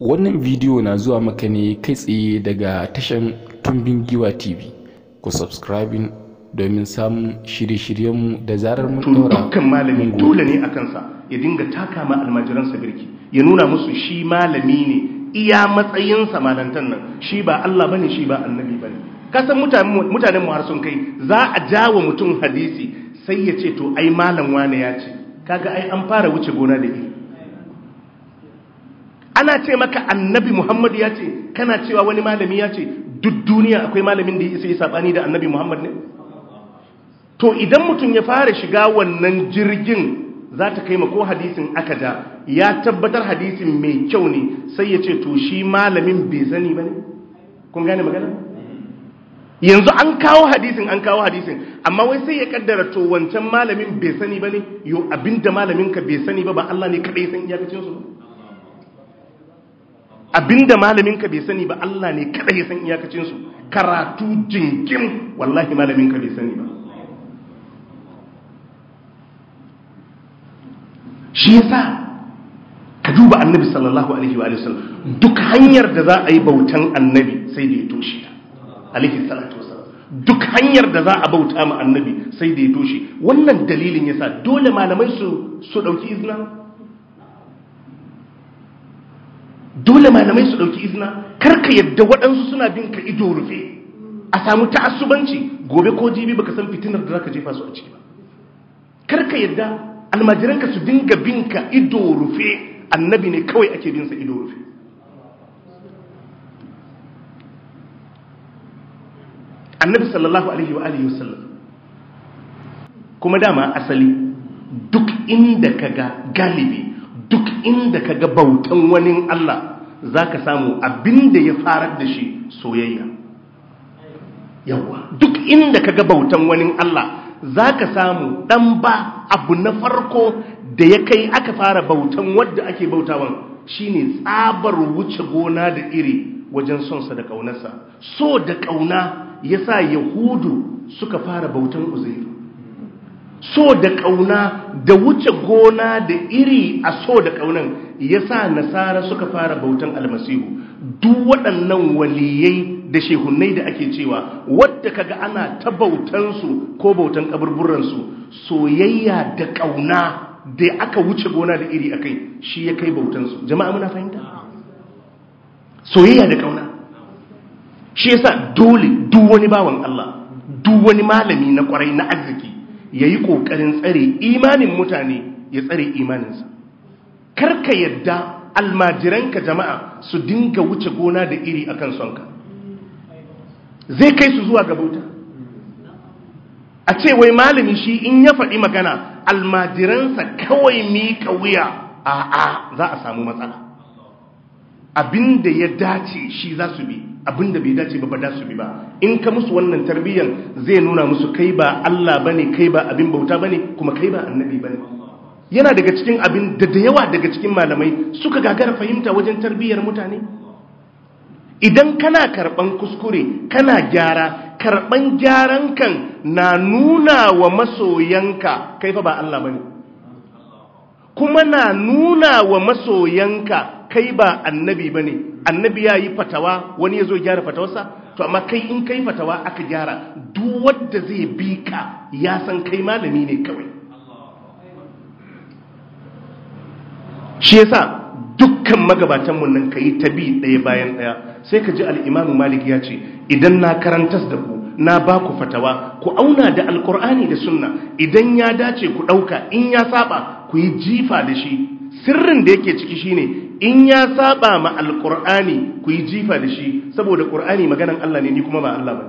Wannan bidiyo na zuwa maka ne kai tsaye daga tashan Tumbin Giwa TV. Ku subscribe domin samun shirye-shiryenmu da zarar mun daura. Dukkan malami dole ne a kansa ya dinga taka ma almajiransa birki, ya nuna musu shi malami ne iya matsayinsa malantan nan, shi ba Allah bane shi ba annabi bane. Kasan mutanen mu har sun kai za a jawo mutum hadisi sai ya ce to ai malam wane ya ce, kaga ai an fara wuce gona da ilimi. ana ce maka annabi muhammad ya ce kana cewa wani malami ya ce duk duniya akwai malamin da ya isa ya sabani da annabi muhammad ne to idan mutum ya fara shiga wannan jirgin za ta kai ko hadisin aka ja ya tabbatar hadisin mai kyau ne sai ya ce to shi malamin bai sani ba ne kun gane magana yanzu an kawo hadisin an kawo hadisin amma wai sai ya kaddara to wancan malamin bai sani ba ne yau abinda malaminka bai sani ba ba Allah ne kaɗai san iyakacin su ba abinda malamin ka bai sani ba Allah ne kada ya san iyakacin su karatu jinkin, wallahi malamin ka bai sani ba shi yasa ka duba annabi sallallahu alaihi wa sallam duk hanyar da za a yi bautan annabi sai da ya toshe ta alaihi salatu wasallam duk hanyar da za a bauta ma annabi sai da ya toshe wannan dalilin yasa dole malamai su su dauki izina dole malamai su ɗauki izina kar ka yadda waɗansu suna bin ka ido rufe a samu ta'assubanci gobe ko jibi baka san fitinar da zaka jefa su a ciki ba kar ka yadda almajiranka su dinga bin ka ido rufe annabi ne kawai ake bin sa ido rufe annabi sallallahu alaihi wa alihi wasallam kuma dama asali duk inda kaga galibi duk inda kaga bautan wani Allah za ka samu abin da ya farar da shi soyayya yawa duk inda ka ga bautan wani Allah za ka samu ɗan ba abu na farko da ya kai aka fara bautan wadda ake bautawan shine tsabar wuce gona da iri wajen sonsa da ƙaunarsa so da ƙauna ya sa yahudu suka fara bautan uzairu so da ƙauna da wuce gona da iri a so da ƙaunan ya sa nasara suka fara bautan almasihu duk waɗannan waliyai da shehunai da ake cewa wadda kaga ana ta bautansu ko bautan ƙaburburansu soyayya da ƙauna da aka wuce gona da iri akai shi ya kai bautansu jama'a muna fahimta soyayya da ƙauna shi ya sa dole duk wani bawan Allah duk wani malami na ƙwarai na arziki yi ƙoƙarin tsare imanin mutane ya tsare imaninsa karka yadda almajiranka jama'a su dinga wuce gona da iri a kan sonka zai kai su zuwa gabota a ce wai malami shi in ya faɗi magana almajiransa kawai miƙa wuya a a za a samu matsala abinda ya dace shi za su bi abinda bai dace ba ba da su bi ba in ka musu wannan tarbiyyan zai nuna musu kai ba Allah bane kai ba abin bauta bane kuma kai ba annabi bane yana daga cikin abin da da yawa daga cikin malamai suka gagara fahimta wajen tarbiyyar mutane idan kana karban kuskure kana gyara karban gyaran kan na nuna wa masoyanka kai fa ba Allah bane kuma na nuna wa masoyanka kai ba annabi bane annabi yayi fatawa wani yazo gyara fatawarsa to amma kai in kai fatawa aka gyara duk wanda zai bi ka ya san kai malami ne kawai shi yasa dukkan magabatan mun nan yi tabi ɗaya bayan ɗaya sai ka ji al Malik ya ce idan na karantas da ku na ba ku fatawa ku auna da alkur'ani da sunna idan ya dace ku ɗauka in ya saba ku yi jifa da shi sirrin da yake ciki shine in ya saba ma alkur'ani ku yi jifa da shi saboda ƙur'ani maganan Allah ne ni kuma ba Allah ba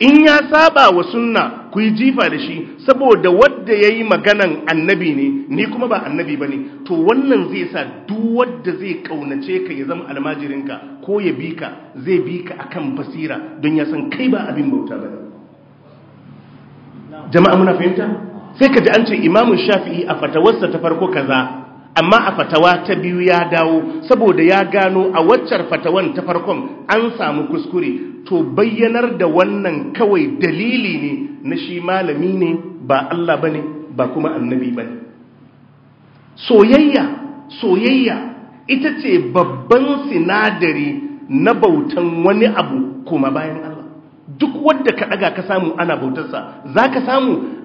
in ya saba wa sunna ku yi jifa da shi saboda wadda ya yi maganan annabi ne ni kuma ba annabi ba ne to wannan zai sa duk wadda zai kaunace ka ya zama almajirinka ko ya bi ka zai bi ka kan basira don ya san kai ba abin bauta ba jama'a muna fahimta sai ka ji an ce imamun shafi'i a fatawarsa ta farko kaza amma a fatawa ta biyu ya dawo saboda ya gano a waccar fatawan ta farkon an samu kuskure to bayyanar da wannan kawai dalili ne na shi malami ne ba Allah ba ne ba kuma annabi ne soyayya soyayya ita ce babban sinadari na bautan wani abu kuma bayan Allah duk wadda ka ɗaga ka samu ana bautarsa za ka samu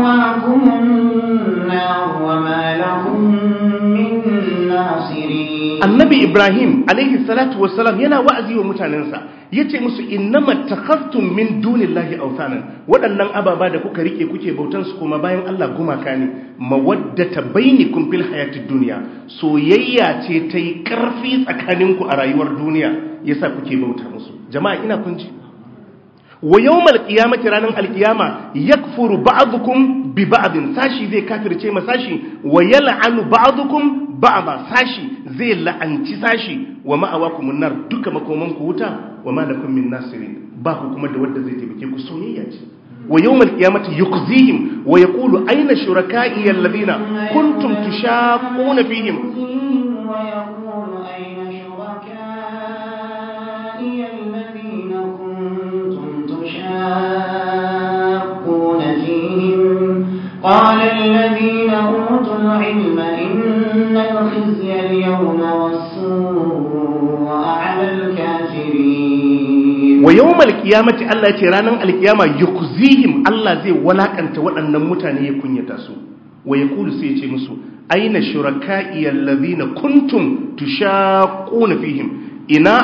مأواكم النار وما لكم Annabi Ibrahim alayhi salatu عليه yana wa'azi wa mutanensa, yace musu innama takhaftum min dunillahi awthanan waɗannan ababa da kuka rike kuke bautan su kuma bayan Allah gumaka ne mawaddata bainikum fil hayati dunya soyayya ce ta yi karfi tsakaninku a rayuwar duniya yasa kuke bauta musu jama'a ina kunji wa yawmal qiyamati ranan alqiyama yakfuru ba'dukum bi ba'din sashi zai kafirce ma sashi wa yal'anu ba'dukum ba'da sashi zai la'anci sashi wa ma'awakum nar duka makoman ku wuta wa ma min nasiri ba ku kuma da wanda zai taimake ku soyayya ce wa yawmal qiyamati yukhzihim wa yaqulu ayna shuraka'i alladhina kuntum tushaqquna fihim قال الذين أوتوا العلم إن الخزي اليوم والسوء على الكافرين ويوم القيامة الله يترانا القيامة يخزيهم الله زي ولا أنت ولا أن يكون يتسو ويقول سيتي مسو أين شركائي الذين كنتم تشاقون فيهم إنا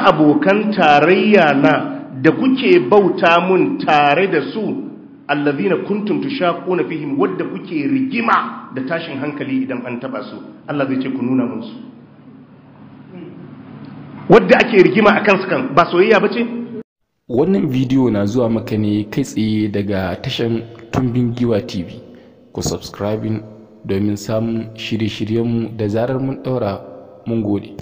كان تاريانا دكوكي بوتامون bauta سو allazina kuntum tushaquna fihim wadda kuke rigima da tashin hankali idan an taba su Allah zai ce ku nuna mun su wadda ake rigima akan su kan ba soyayya bace wannan bidiyo na zuwa maka ne kai tsaye daga tashan tumbin giwa tv ku subscribing domin samun shirye-shiryenmu da zarar mun daura mun gode